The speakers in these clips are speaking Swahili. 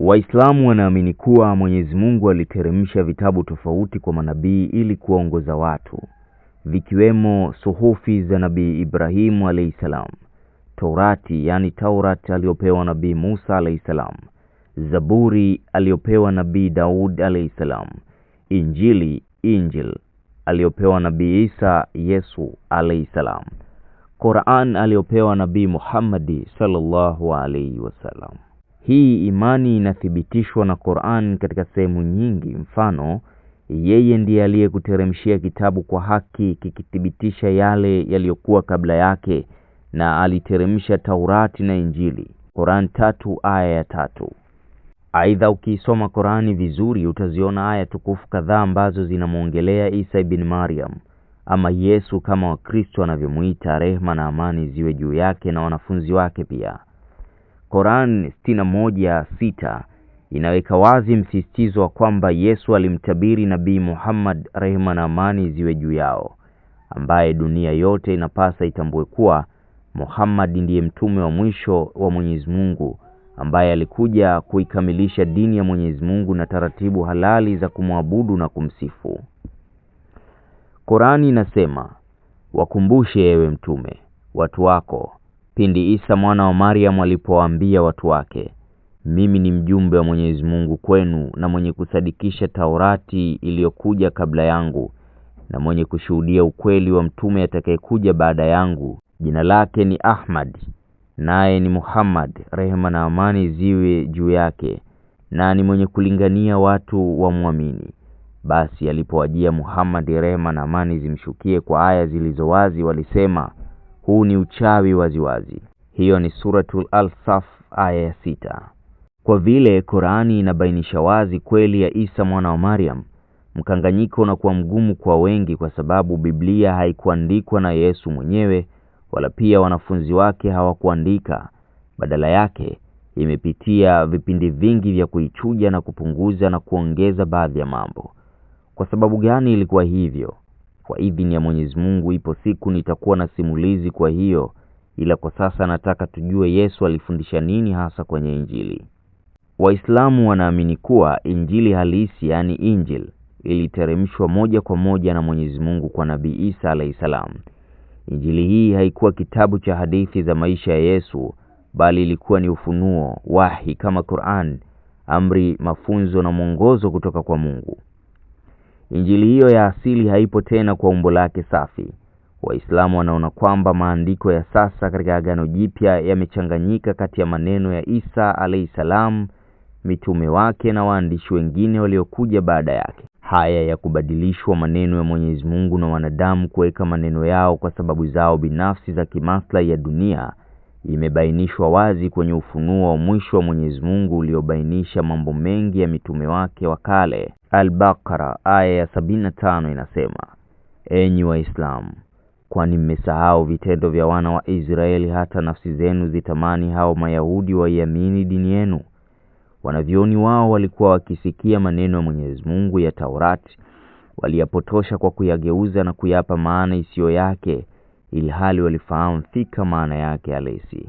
Waislamu wanaamini kuwa Mwenyezi Mungu aliteremsha vitabu tofauti kwa manabii ili kuwaongoza watu, vikiwemo suhufi za Nabii Ibrahimu alayhi salam, Taurati yani Taurat aliyopewa Nabii Musa alayhi salam, Zaburi aliyopewa Nabii Daud alayhi salam, Injili Injil aliyopewa Nabii Isa Yesu alayhi salam, Qur'an aliyopewa Nabii Muhammad sallallahu alayhi wasallam. Hii imani inathibitishwa na Qur'an katika sehemu nyingi, mfano yeye ndiye aliyekuteremshia kitabu kwa haki kikithibitisha yale yaliyokuwa kabla yake na aliteremsha Taurati na Injili. Qur'an tatu aya ya tatu. Aidha, ukiisoma Qur'ani vizuri utaziona aya tukufu kadhaa ambazo zinamwongelea Isa ibn Maryam ama Yesu kama Wakristo wanavyomwita, rehma na amani ziwe juu yake na wanafunzi wake pia. Quran 61:6 inaweka wazi msisitizo wa kwamba Yesu alimtabiri Nabii Muhammad, rehema na amani ziwe juu yao, ambaye dunia yote inapasa itambue kuwa Muhammad ndiye mtume wa mwisho wa Mwenyezi Mungu ambaye alikuja kuikamilisha dini ya Mwenyezi Mungu na taratibu halali za kumwabudu na kumsifu. Qurani inasema, wakumbushe ewe mtume watu wako Pindi Isa mwana wa Maryam alipowaambia watu wake, mimi ni mjumbe wa Mwenyezi Mungu kwenu na mwenye kusadikisha Taurati iliyokuja kabla yangu na mwenye kushuhudia ukweli wa mtume atakayekuja baada yangu, jina lake ni Ahmad naye ni Muhammad, rehema na amani ziwe juu yake, na ni mwenye kulingania watu wamwamini. Basi alipowajia Muhammad, rehema na amani zimshukie, kwa aya zilizo wazi, walisema huu ni uchawi waziwazi. Hiyo ni Suratul Al-Saf aya ya sita. Kwa vile Korani inabainisha wazi kweli ya Isa mwana wa Mariam, mkanganyiko unakuwa mgumu kwa wengi, kwa sababu Biblia haikuandikwa na Yesu mwenyewe wala pia wanafunzi wake hawakuandika. Badala yake imepitia vipindi vingi vya kuichuja na kupunguza na kuongeza baadhi ya mambo. Kwa sababu gani ilikuwa hivyo? Kwa idhini ya Mwenyezi Mungu, ipo siku nitakuwa na simulizi kwa hiyo, ila kwa sasa nataka tujue Yesu alifundisha nini hasa kwenye Injili. Waislamu wanaamini kuwa Injili halisi, yaani Injil, iliteremshwa moja kwa moja na Mwenyezi Mungu kwa Nabii Isa alahi salam. Injili hii haikuwa kitabu cha hadithi za maisha ya Yesu, bali ilikuwa ni ufunuo, wahi kama Qur'an, amri, mafunzo na mwongozo kutoka kwa Mungu. Injili hiyo ya asili haipo tena kwa umbo lake safi. Waislamu wanaona kwamba maandiko ya sasa katika Agano Jipya yamechanganyika kati ya maneno ya Isa alayhi salam, mitume wake na waandishi wengine waliokuja baada yake. Haya ya kubadilishwa maneno ya Mwenyezi Mungu na wanadamu kuweka maneno yao kwa sababu zao binafsi za kimaslahi ya dunia imebainishwa wazi kwenye ufunuo wa mwisho wa Mwenyezi Mungu uliobainisha mambo mengi ya mitume wake wa kale. Al-Baqara aya ya 75 inasema, enyi Waislamu, kwani mmesahau vitendo vya wana wa Israeli hata nafsi zenu zitamani hao Mayahudi waiamini dini yenu? Wanavyoni wao walikuwa wakisikia maneno ya Mwenyezi Mungu ya Taurati, waliyapotosha kwa kuyageuza na kuyapa maana isiyo yake ilhali walifahamu fika maana yake halisi.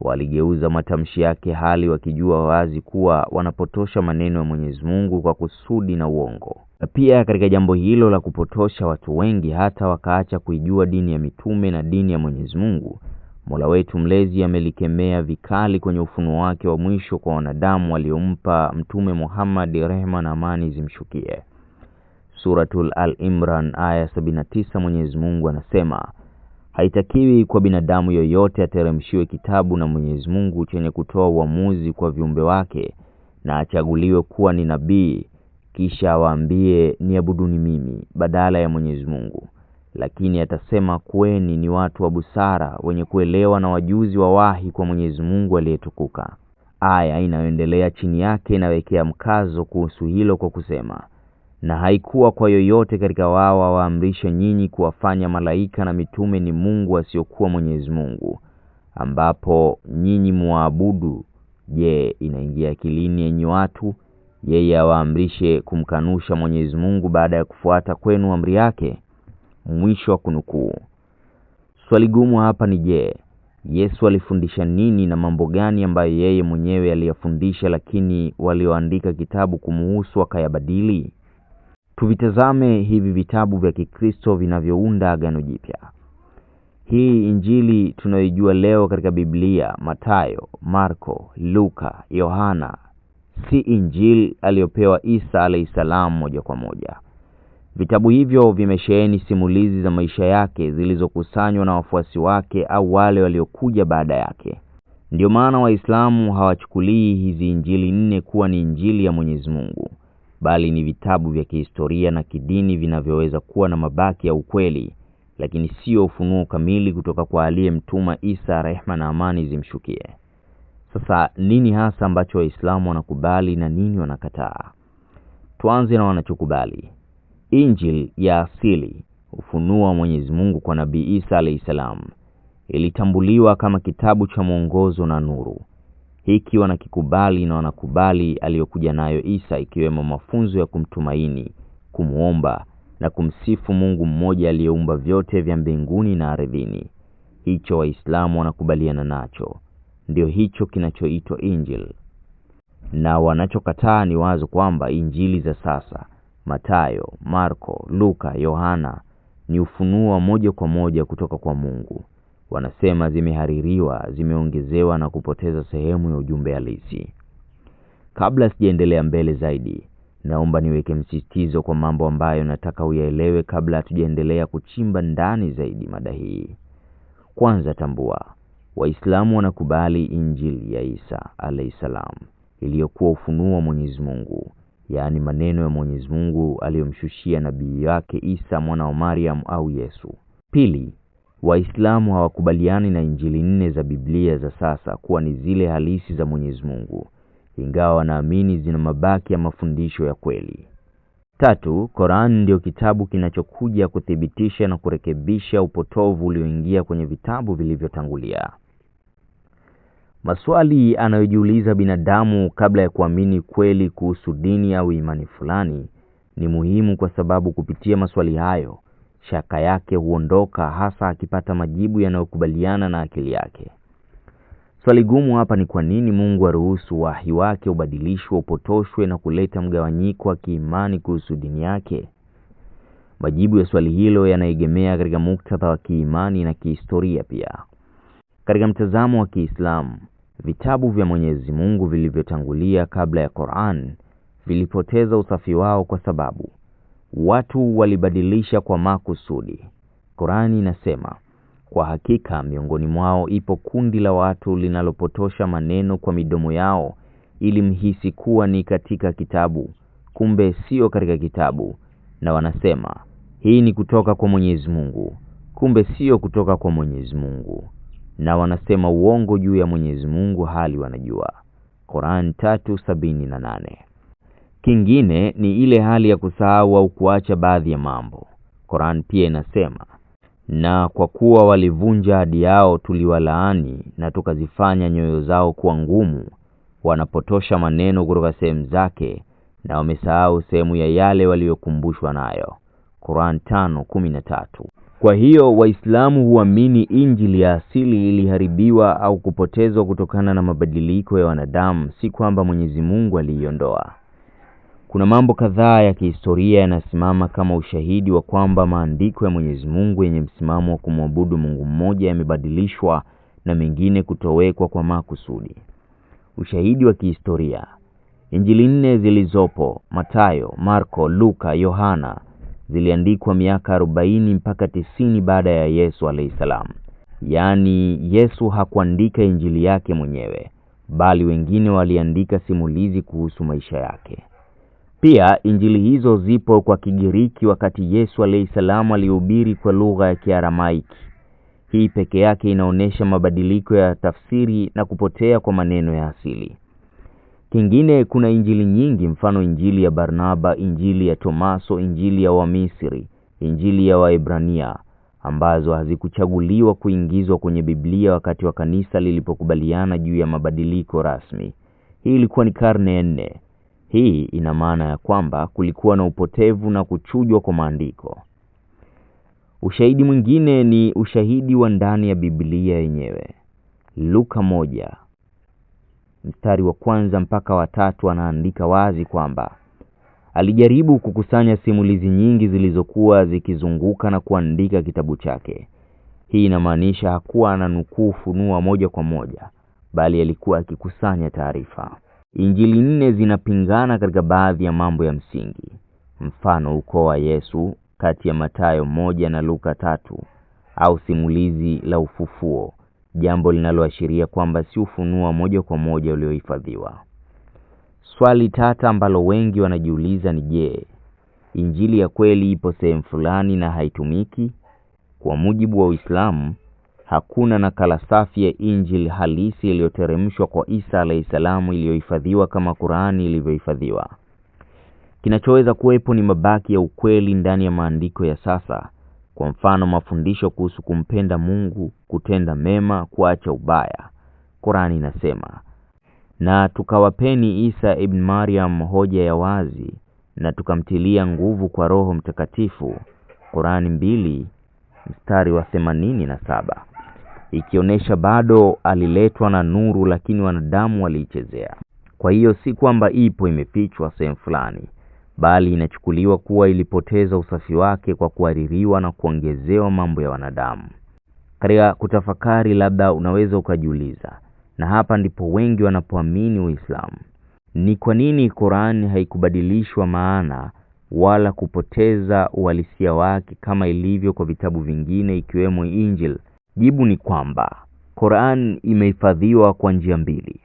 Waligeuza matamshi yake hali wakijua wazi kuwa wanapotosha maneno ya Mwenyezi Mungu kwa kusudi na uongo. Pia katika jambo hilo la kupotosha watu wengi hata wakaacha kuijua dini ya mitume na dini ya Mwenyezi Mungu. Mola wetu mlezi amelikemea vikali kwenye ufunuo wake wa mwisho kwa wanadamu waliompa Mtume Muhammad, rehma na amani zimshukie. Suratul Al Imran aya 79, Mwenyezi Mungu anasema Haitakiwi kwa binadamu yoyote ateremshiwe kitabu na Mwenyezi Mungu chenye kutoa uamuzi kwa viumbe wake na achaguliwe kuwa ni nabii kisha awaambie niabuduni mimi badala ya Mwenyezi Mungu. Lakini atasema kweni ni watu wa busara wenye kuelewa na wajuzi wa wahi kwa Mwenyezi Mungu aliyetukuka. Aya inayoendelea chini yake inawekea mkazo kuhusu hilo kwa kusema na haikuwa kwa yoyote katika wao awaamrisha nyinyi kuwafanya malaika na mitume ni Mungu asiokuwa Mwenyezi Mungu, ambapo nyinyi mwaabudu Je, inaingia akilini yenye watu yeye awaamrishe kumkanusha Mwenyezi Mungu baada ya kufuata kwenu amri yake? Mwisho wa kunukuu. Swali gumu hapa ni je, Yesu alifundisha nini na mambo gani ambayo yeye mwenyewe aliyafundisha, lakini walioandika kitabu kumuhusu wakayabadili? Tuvitazame hivi vitabu vya Kikristo vinavyounda Agano Jipya. Hii Injili tunayoijua leo katika Biblia, Mathayo, Marko, Luka, Yohana, si Injili aliyopewa Isa alayhi moja kwa moja. Vitabu hivyo vimesheheni simulizi za maisha yake zilizokusanywa na wafuasi wake au wale waliokuja baada yake. Ndiyo maana Waislamu hawachukulii hizi Injili nne kuwa ni Injili ya Mwenyezi Mungu bali ni vitabu vya kihistoria na kidini vinavyoweza kuwa na mabaki ya ukweli, lakini sio ufunuo kamili kutoka kwa aliyemtuma Isa, rehma na amani zimshukie. Sasa nini hasa ambacho Waislamu wanakubali na nini wanakataa? Tuanze na wanachokubali. Injil ya asili, ufunuo wa Mwenyezi Mungu kwa Nabii Isa alayhi salam, ilitambuliwa kama kitabu cha mwongozo na nuru hiki wanakikubali na wanakubali aliyokuja nayo Isa, ikiwemo mafunzo ya kumtumaini, kumwomba na kumsifu Mungu mmoja aliyeumba vyote vya mbinguni na ardhini. Hicho Waislamu wanakubaliana nacho, ndio hicho kinachoitwa Injili, na wanachokataa ni wazo kwamba injili za sasa Matayo, Marko, Luka, Yohana ni ufunuo wa moja kwa moja kutoka kwa Mungu wanasema zimehaririwa, zimeongezewa na kupoteza sehemu ya ujumbe halisi. Kabla sijaendelea mbele zaidi, naomba niweke msisitizo kwa mambo ambayo nataka uyaelewe kabla hatujaendelea kuchimba ndani zaidi mada hii. Kwanza, tambua Waislamu wanakubali Injili ya Isa alahi salam iliyokuwa ufunuo wa Mwenyezi Mungu, yaani maneno ya Mwenyezi Mungu aliyomshushia nabii yake Isa mwana wa Mariam au Yesu. Pili, Waislamu hawakubaliani na Injili nne za Biblia za sasa kuwa ni zile halisi za Mwenyezi Mungu, ingawa wanaamini zina mabaki ya mafundisho ya kweli. Tatu, Qur'an ndio kitabu kinachokuja kuthibitisha na kurekebisha upotovu ulioingia kwenye vitabu vilivyotangulia. Maswali anayojiuliza binadamu kabla ya kuamini kweli kuhusu dini au imani fulani ni muhimu kwa sababu kupitia maswali hayo shaka yake huondoka hasa akipata majibu yanayokubaliana na akili yake. Swali gumu hapa ni kwa nini Mungu aruhusu wahi wake ubadilishwe, upotoshwe na kuleta mgawanyiko wa kiimani kuhusu dini yake? Majibu ya swali hilo yanaegemea katika muktadha wa kiimani na kihistoria pia. Katika mtazamo wa Kiislamu, vitabu vya Mwenyezi Mungu vilivyotangulia kabla ya Qur'an vilipoteza usafi wao kwa sababu Watu walibadilisha kwa makusudi. Qurani inasema, kwa hakika miongoni mwao ipo kundi la watu linalopotosha maneno kwa midomo yao ili mhisi kuwa ni katika kitabu, kumbe sio katika kitabu, na wanasema hii ni kutoka kwa Mwenyezi Mungu, kumbe sio kutoka kwa Mwenyezi Mungu, na wanasema uongo juu ya Mwenyezi Mungu hali wanajua. Qur'an 3:78 Kingine ni ile hali ya kusahau au kuacha baadhi ya mambo. Quran pia inasema, na kwa kuwa walivunja ahadi yao tuliwalaani na tukazifanya nyoyo zao kuwa ngumu, wanapotosha maneno kutoka sehemu zake na wamesahau sehemu ya yale waliyokumbushwa nayo. Quran 5:13. Kwa hiyo Waislamu huamini Injili ya asili iliharibiwa au kupotezwa kutokana na mabadiliko ya wanadamu, si kwamba Mwenyezi Mungu aliiondoa. Kuna mambo kadhaa ya kihistoria yanasimama kama ushahidi wa kwamba maandiko ya Mwenyezi Mungu yenye msimamo wa kumwabudu Mungu mmoja yamebadilishwa na mengine kutowekwa kwa makusudi. Ushahidi wa kihistoria. Injili nne zilizopo Mathayo, Marko, Luka, Yohana ziliandikwa miaka 40 mpaka 90 baada ya Yesu alayhi salam. Yaani Yesu hakuandika injili yake mwenyewe, bali wengine waliandika simulizi kuhusu maisha yake. Pia injili hizo zipo kwa Kigiriki wakati Yesu alayhi salamu alihubiri kwa lugha ya Kiaramaiki. Hii peke yake inaonyesha mabadiliko ya tafsiri na kupotea kwa maneno ya asili. Kingine kuna injili nyingi, mfano injili ya Barnaba, injili ya Tomaso, injili ya Wamisri, injili ya Waebrania ambazo hazikuchaguliwa kuingizwa kwenye Biblia wakati wa kanisa lilipokubaliana juu ya mabadiliko rasmi. Hii ilikuwa ni karne ya nne. Hii ina maana ya kwamba kulikuwa na upotevu na kuchujwa kwa maandiko. Ushahidi mwingine ni ushahidi wa ndani ya Biblia yenyewe. Luka moja mstari wa kwanza mpaka watatu anaandika wazi kwamba alijaribu kukusanya simulizi nyingi zilizokuwa zikizunguka na kuandika kitabu chake. Hii inamaanisha hakuwa ananukuu funua moja kwa moja, bali alikuwa akikusanya taarifa. Injili nne zinapingana katika baadhi ya mambo ya msingi. Mfano ukoo wa Yesu kati ya Mathayo moja na Luka tatu au simulizi la ufufuo, jambo linaloashiria kwamba si ufunuo moja kwa moja uliohifadhiwa. Swali tata ambalo wengi wanajiuliza ni je, injili ya kweli ipo sehemu fulani na haitumiki? Kwa mujibu wa Uislamu, Hakuna nakala safi ya Injili halisi iliyoteremshwa kwa Isa alayhi salamu iliyohifadhiwa kama Qur'ani ilivyohifadhiwa. Kinachoweza kuwepo ni mabaki ya ukweli ndani ya maandiko ya sasa. Kwa mfano, mafundisho kuhusu kumpenda Mungu, kutenda mema, kuacha ubaya. Qur'ani inasema, na tukawapeni Isa ibn Maryam hoja ya wazi na tukamtilia nguvu kwa Roho Mtakatifu. Qur'ani mbili mstari wa themanini na saba ikionyesha bado aliletwa na nuru, lakini wanadamu waliichezea. Kwa hiyo si kwamba ipo imefichwa sehemu fulani, bali inachukuliwa kuwa ilipoteza usafi wake kwa kuhaririwa na kuongezewa mambo ya wanadamu. Katika kutafakari, labda unaweza ukajiuliza, na hapa ndipo wengi wanapoamini Uislamu, ni kwa nini Qur'ani haikubadilishwa maana wala kupoteza uhalisia wake kama ilivyo kwa vitabu vingine ikiwemo Injili Jibu ni kwamba Qur'an imehifadhiwa kwa njia mbili: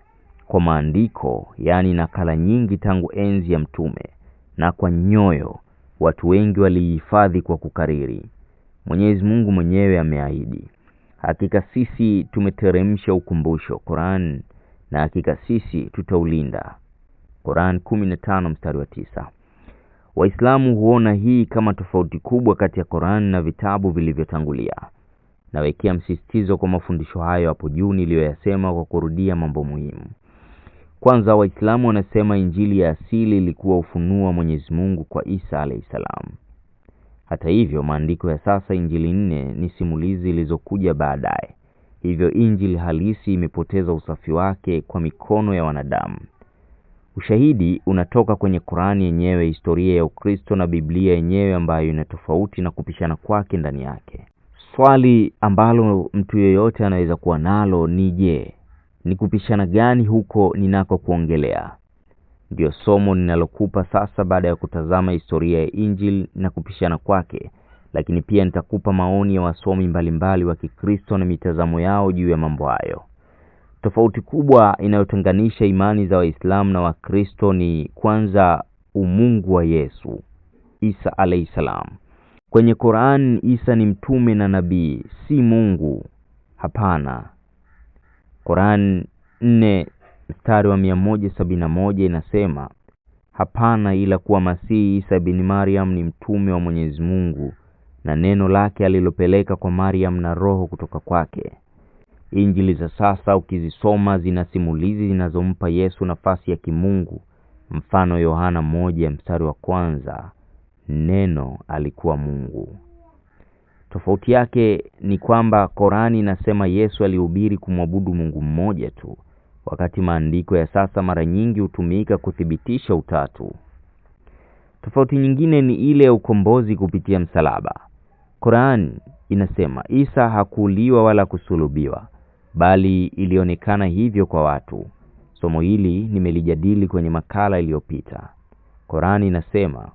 kwa maandiko, yaani nakala nyingi tangu enzi ya Mtume, na kwa nyoyo, watu wengi waliihifadhi kwa kukariri. Mwenyezi Mungu mwenyewe ameahidi, hakika sisi tumeteremsha ukumbusho Qur'an, na hakika sisi tutaulinda. Qur'an 15 mstari wa tisa. Waislamu huona hii kama tofauti kubwa kati ya Qur'an na vitabu vilivyotangulia. Nawekea msisitizo kwa mafundisho hayo hapo juu niliyoyasema kwa kurudia mambo muhimu. Kwanza, Waislamu wanasema Injili ya asili ilikuwa ufunuo wa Mwenyezi Mungu kwa Isa alahi salam. Hata hivyo, maandiko ya sasa, Injili nne, ni simulizi ilizokuja baadaye. Hivyo Injili halisi imepoteza usafi wake kwa mikono ya wanadamu. Ushahidi unatoka kwenye Qur'ani yenyewe, historia ya Ukristo na Biblia yenyewe ambayo ina tofauti na kupishana kwake ndani yake. Swali ambalo mtu yeyote anaweza kuwa nalo ni je, ni kupishana gani huko ninako kuongelea? Ndiyo somo ninalokupa sasa, baada ya kutazama historia ya Injili na kupishana kwake, lakini pia nitakupa maoni ya wasomi mbalimbali wa Kikristo na mitazamo yao juu ya mambo hayo. Tofauti kubwa inayotenganisha imani za Waislamu na Wakristo ni kwanza, umungu wa Yesu Isa alayhi salamu Kwenye Qur'an Isa ni mtume na nabii, si Mungu. Hapana. Qur'an 4 mstari wa 171 inasema, hapana ila kuwa Masihi Isa bin Maryam ni mtume wa Mwenyezi Mungu na neno lake alilopeleka kwa Maryam na roho kutoka kwake. Injili za sasa ukizisoma zina simulizi zinazompa Yesu nafasi ya kimungu, mfano Yohana moja mstari wa kwanza neno alikuwa Mungu. Tofauti yake ni kwamba Korani inasema Yesu alihubiri kumwabudu Mungu mmoja tu, wakati maandiko ya sasa mara nyingi hutumika kuthibitisha utatu. Tofauti nyingine ni ile ya ukombozi kupitia msalaba. Korani inasema Isa hakuuliwa wala kusulubiwa, bali ilionekana hivyo kwa watu. Somo hili nimelijadili kwenye makala iliyopita. Korani inasema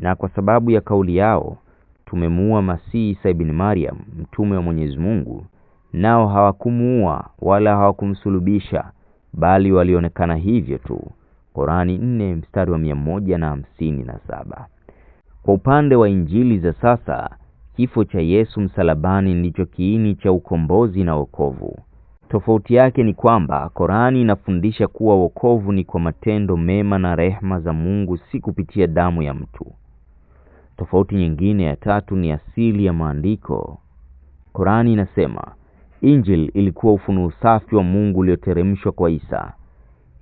na kwa sababu ya kauli yao tumemuua Masihi Isa ibn Maryam mtume wa Mwenyezi Mungu, nao hawakumuua wala hawakumsulubisha bali walionekana hivyo tu. Qurani 4 mstari wa na na saba. Kwa upande wa injili za sasa, kifo cha Yesu msalabani ndicho kiini cha ukombozi na wokovu. Tofauti yake ni kwamba Qurani inafundisha kuwa wokovu ni kwa matendo mema na rehma za Mungu, si kupitia damu ya mtu. Tofauti nyingine ya tatu ni asili ya maandiko. Korani inasema Injili ilikuwa ufunuo safi wa Mungu ulioteremshwa kwa Isa.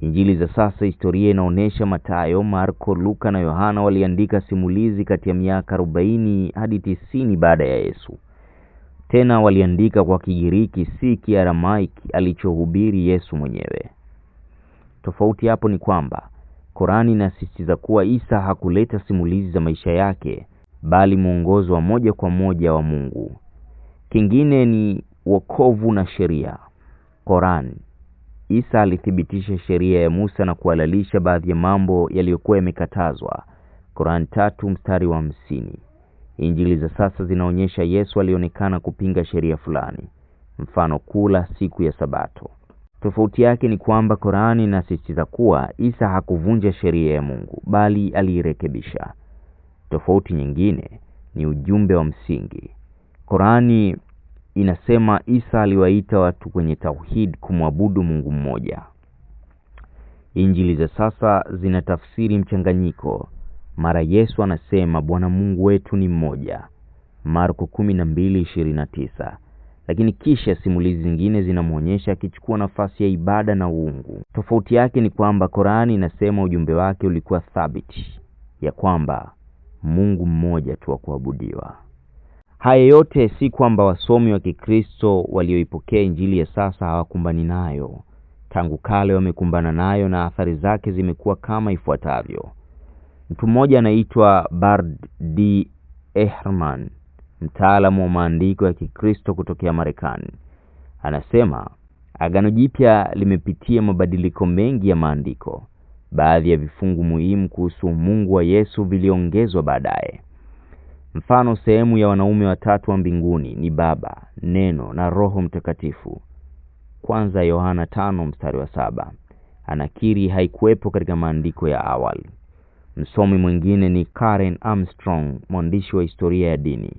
Injili za sasa, historia inaonyesha matayo Marko, Luka na Yohana waliandika simulizi kati ya miaka 40 hadi 90 baada ya Yesu. Tena waliandika kwa Kigiriki, si Kiaramaiki alichohubiri Yesu mwenyewe. Tofauti hapo ni kwamba Korani inasisitiza kuwa Isa hakuleta simulizi za maisha yake, bali mwongozo wa moja kwa moja wa Mungu. Kingine ni wokovu na sheria. Korani, Isa alithibitisha sheria ya Musa na kuhalalisha baadhi ya mambo yaliyokuwa yamekatazwa. Korani tatu mstari wa hamsini. Injili za sasa zinaonyesha Yesu alionekana kupinga sheria fulani, mfano kula siku ya Sabato. Tofauti yake ni kwamba Korani inasisitiza kuwa Isa hakuvunja sheria ya Mungu bali aliirekebisha. Tofauti nyingine ni ujumbe wa msingi. Korani inasema Isa aliwaita watu kwenye tauhid, kumwabudu Mungu mmoja. Injili za sasa zina tafsiri mchanganyiko. Mara Yesu anasema Bwana Mungu wetu ni mmoja, Marko 12:29, lakini kisha simulizi zingine zinamwonyesha akichukua nafasi ya ibada na uungu. Tofauti yake ni kwamba Korani inasema ujumbe wake ulikuwa thabiti, ya kwamba Mungu mmoja tu wa kuabudiwa. Haya yote si kwamba wasomi wa Kikristo walioipokea Injili ya sasa hawakumbani nayo. Tangu kale wamekumbana nayo na athari zake zimekuwa kama ifuatavyo. Mtu mmoja anaitwa Bard D. Ehrman, mtaalamu wa maandiko ya Kikristo kutokea Marekani, anasema Agano Jipya limepitia mabadiliko mengi ya maandiko. Baadhi ya vifungu muhimu kuhusu Mungu wa Yesu viliongezwa baadaye. Mfano, sehemu ya wanaume watatu wa mbinguni ni Baba, Neno na Roho Mtakatifu. Kwanza Yohana tano mstari wa saba anakiri haikuwepo katika maandiko ya awali. Msomi mwingine ni Karen Armstrong, mwandishi wa historia ya dini.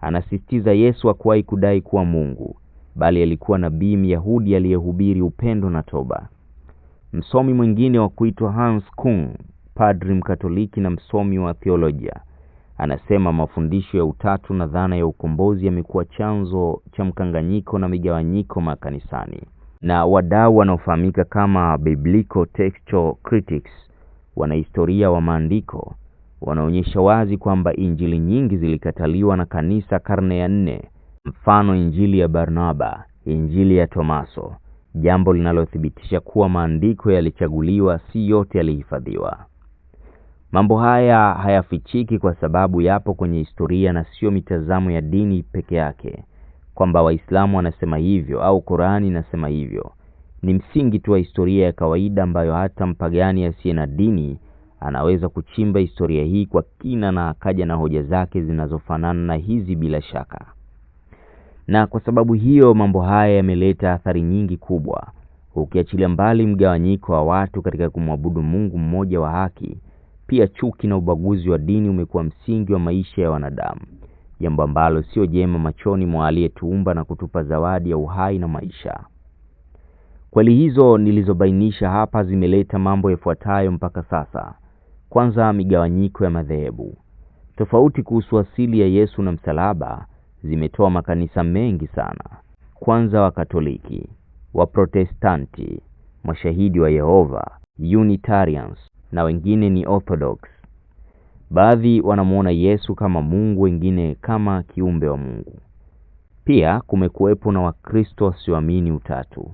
Anasisitiza Yesu hakuwahi kudai kuwa Mungu, bali alikuwa nabii Myahudi aliyehubiri upendo na toba. Msomi mwingine wa kuitwa Hans Kung, padri mkatoliki na msomi wa theolojia, anasema mafundisho ya utatu na dhana ya ukombozi yamekuwa chanzo cha mkanganyiko na migawanyiko makanisani, na wadau wanaofahamika kama biblical textual critics, wanahistoria wa maandiko, wanaonyesha wazi kwamba injili nyingi zilikataliwa na kanisa karne ya nne, mfano injili ya Barnaba, injili ya Tomaso jambo linalothibitisha kuwa maandiko yalichaguliwa, si yote yalihifadhiwa. Mambo haya hayafichiki kwa sababu yapo kwenye historia na sio mitazamo ya dini peke yake, kwamba Waislamu wanasema hivyo au Qur'ani inasema hivyo. Ni msingi tu wa historia ya kawaida ambayo hata mpagani asiye na dini anaweza kuchimba historia hii kwa kina na akaja na hoja zake zinazofanana na hizi bila shaka na kwa sababu hiyo mambo haya yameleta athari nyingi kubwa, ukiachilia mbali mgawanyiko wa watu katika kumwabudu Mungu mmoja wa haki. Pia chuki na ubaguzi wa dini umekuwa msingi wa maisha ya wanadamu, jambo ambalo sio jema machoni mwa aliyetuumba na kutupa zawadi ya uhai na maisha. Kweli hizo nilizobainisha hapa zimeleta mambo yafuatayo mpaka sasa. Kwanza, migawanyiko ya madhehebu, tofauti kuhusu asili ya Yesu na msalaba zimetoa makanisa mengi sana, kwanza Wakatoliki, Waprotestanti, Mashahidi wa Yehova, Unitarians na wengine ni Orthodox. Baadhi wanamwona Yesu kama Mungu, wengine kama kiumbe wa Mungu. Pia kumekuwepo na Wakristo wasioamini utatu,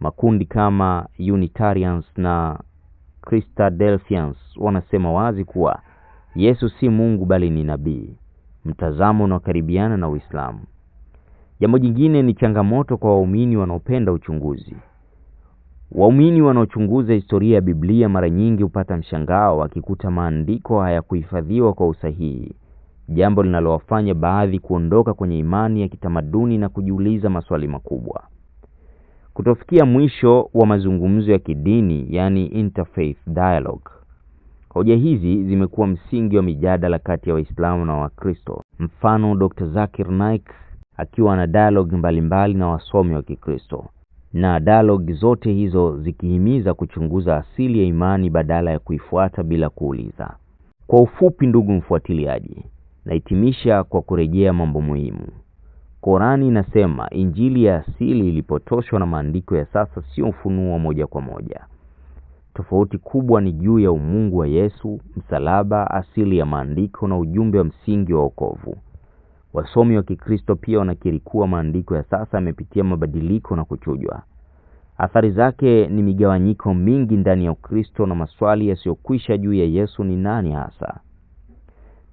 makundi kama Unitarians na Christadelphians wanasema wazi kuwa Yesu si Mungu bali ni nabii mtazamo unaokaribiana na Uislamu. Jambo jingine ni changamoto kwa waumini wanaopenda uchunguzi. Waumini wanaochunguza historia ya Biblia mara nyingi hupata mshangao wakikuta maandiko hayakuhifadhiwa kwa usahihi, jambo linalowafanya baadhi kuondoka kwenye imani ya kitamaduni na kujiuliza maswali makubwa. Kutofikia mwisho wa mazungumzo ya kidini, yani interfaith dialogue Hoja hizi zimekuwa msingi wa mijadala kati ya Waislamu na Wakristo. Mfano, Dr. Zakir Naik akiwa na dialog mbalimbali na wasomi wa Kikristo na dialog zote hizo zikihimiza kuchunguza asili ya imani badala ya kuifuata bila kuuliza. Kwa ufupi, ndugu mfuatiliaji, nahitimisha kwa kurejea mambo muhimu. Korani inasema Injili ya asili ilipotoshwa na maandiko ya sasa, sio ufunuo moja kwa moja. Tofauti kubwa ni juu ya umungu wa Yesu, msalaba, asili ya maandiko na ujumbe wa msingi wa wokovu. Wasomi wa Kikristo pia wanakiri kuwa maandiko ya sasa yamepitia mabadiliko na kuchujwa. Athari zake ni migawanyiko mingi ndani ya Ukristo na maswali yasiyokwisha juu ya Yesu ni nani hasa.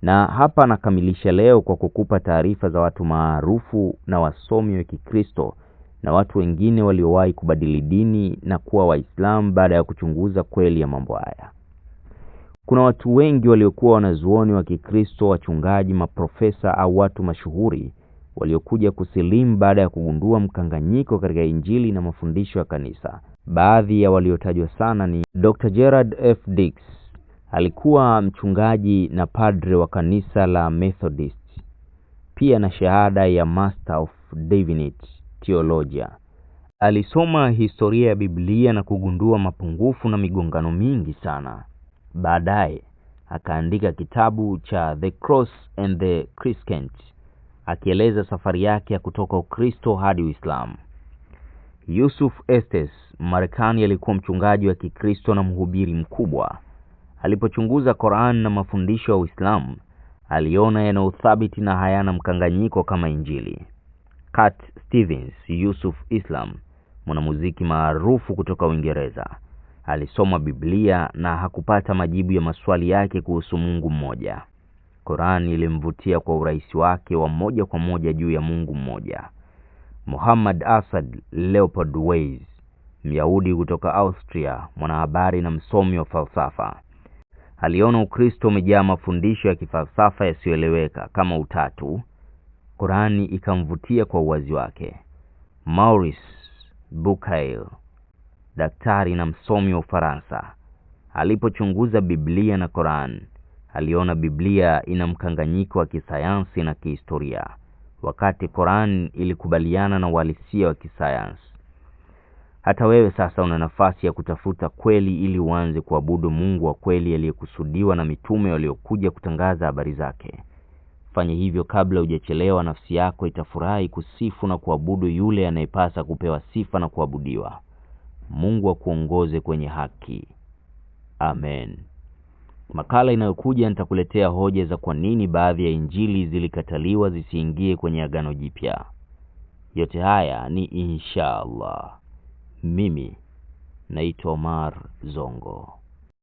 Na hapa nakamilisha leo kwa kukupa taarifa za watu maarufu na wasomi wa Kikristo na watu wengine waliowahi kubadili dini na kuwa Waislamu baada ya kuchunguza kweli ya mambo haya. Kuna watu wengi waliokuwa wanazuoni wa Kikristo, wachungaji, maprofesa au watu mashuhuri waliokuja kusilimu baada ya kugundua mkanganyiko katika Injili na mafundisho ya kanisa. Baadhi ya waliotajwa sana ni Dr. Gerard F. Dix, alikuwa mchungaji na padre wa kanisa la Methodist, pia na shahada ya Master of Divinity theologia. Alisoma historia ya Biblia na kugundua mapungufu na migongano mingi sana. Baadaye akaandika kitabu cha The Cross and the Crescent, akieleza safari yake ya kutoka Ukristo hadi Uislamu. Yusuf Estes, Marekani, alikuwa mchungaji wa Kikristo na mhubiri mkubwa. Alipochunguza Qur'an na mafundisho ya Uislamu, aliona yana uthabiti na hayana mkanganyiko kama Injili. Cat Stevens Yusuf Islam, mwanamuziki maarufu kutoka Uingereza, alisoma Biblia na hakupata majibu ya maswali yake kuhusu Mungu mmoja. Korani ilimvutia kwa urahisi wake wa moja kwa moja juu ya Mungu mmoja. Muhammad Asad Leopold Weiss, Myahudi kutoka Austria, mwanahabari na msomi wa falsafa, aliona Ukristo umejaa mafundisho ya kifalsafa yasiyoeleweka kama utatu, Qurani ikamvutia kwa uwazi wake. Maurice Bucaille, daktari na msomi wa Ufaransa, alipochunguza Biblia na Qurani, aliona Biblia ina mkanganyiko wa kisayansi na kihistoria, wakati Qurani ilikubaliana na uhalisia wa kisayansi. Hata wewe sasa una nafasi ya kutafuta kweli ili uanze kuabudu Mungu wa kweli aliyekusudiwa na mitume waliokuja kutangaza habari zake. Fanya hivyo kabla hujachelewa. Nafsi yako itafurahi kusifu na kuabudu yule anayepasa kupewa sifa na kuabudiwa. Mungu akuongoze kwenye haki. Amen. Makala inayokuja nitakuletea hoja za kwa nini baadhi ya injili zilikataliwa zisiingie kwenye Agano Jipya. Yote haya ni insha Allah. Mimi naitwa Omar Zongo.